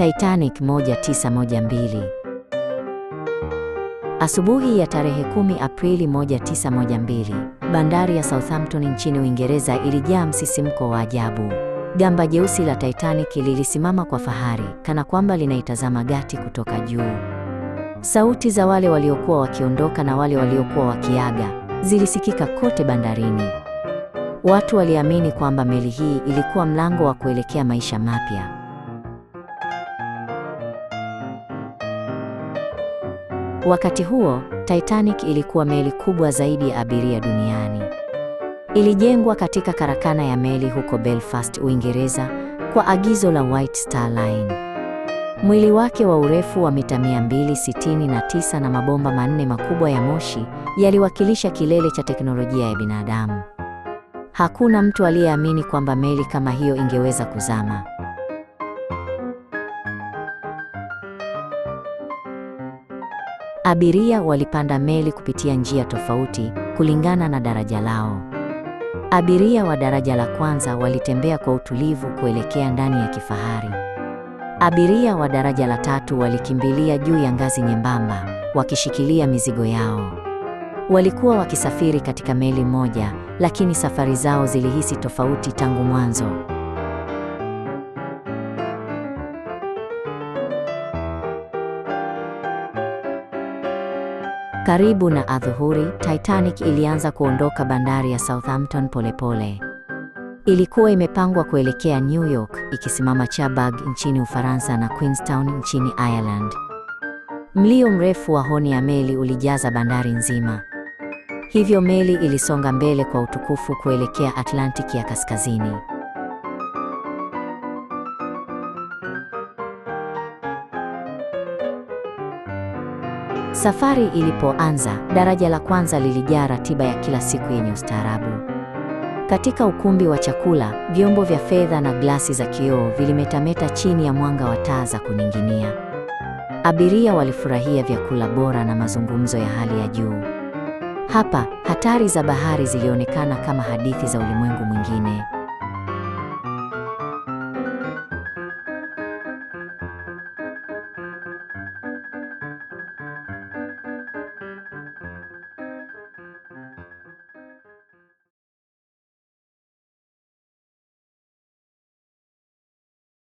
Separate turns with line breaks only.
Titanic 1912. Asubuhi ya tarehe 10 Aprili 1912, bandari ya Southampton nchini Uingereza ilijaa msisimko wa ajabu. Gamba jeusi la Titanic lilisimama kwa fahari kana kwamba linaitazama gati kutoka juu. Sauti za wale waliokuwa wakiondoka na wale waliokuwa wakiaga zilisikika kote bandarini. Watu waliamini kwamba meli hii ilikuwa mlango wa kuelekea maisha mapya. Wakati huo, Titanic ilikuwa meli kubwa zaidi ya abiria duniani. Ilijengwa katika karakana ya meli huko Belfast, Uingereza kwa agizo la White Star Line. Mwili wake wa urefu wa mita 269 na mabomba manne makubwa ya moshi yaliwakilisha kilele cha teknolojia ya binadamu. Hakuna mtu aliyeamini kwamba meli kama hiyo ingeweza kuzama. Abiria walipanda meli kupitia njia tofauti kulingana na daraja lao. Abiria wa daraja la kwanza walitembea kwa utulivu kuelekea ndani ya kifahari. Abiria wa daraja la tatu walikimbilia juu ya ngazi nyembamba wakishikilia mizigo yao. Walikuwa wakisafiri katika meli moja, lakini safari zao zilihisi tofauti tangu mwanzo. Karibu na adhuhuri, Titanic ilianza kuondoka bandari ya Southampton polepole. Ilikuwa imepangwa kuelekea New York, ikisimama Cherbourg nchini Ufaransa na Queenstown nchini Ireland. Mlio mrefu wa honi ya meli ulijaza bandari nzima. Hivyo meli ilisonga mbele kwa utukufu kuelekea Atlantiki ya Kaskazini. Safari ilipoanza, daraja la kwanza lilijaa ratiba ya kila siku yenye ustaarabu. Katika ukumbi wa chakula, vyombo vya fedha na glasi za kioo vilimetameta chini ya mwanga wa taa za kuning'inia. Abiria walifurahia vyakula bora na mazungumzo ya hali ya juu. Hapa hatari za bahari zilionekana kama hadithi za ulimwengu mwingine.